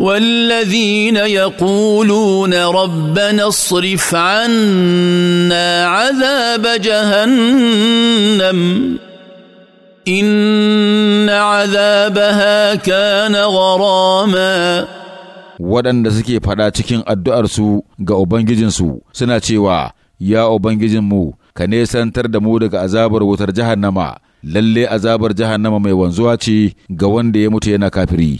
والذين يقولون ربنا اصرف عنا عذاب جهنم ان عذابها كان غراما waɗanda suke faɗa cikin addu'arsu ga Ubangijinsu suna cewa, Ya Ubangijinmu, ka nesantar da mu daga azabar wutar jahannama, lalle azabar jahannama mai wanzuwa ce ga wanda ya mutu yana kafiri.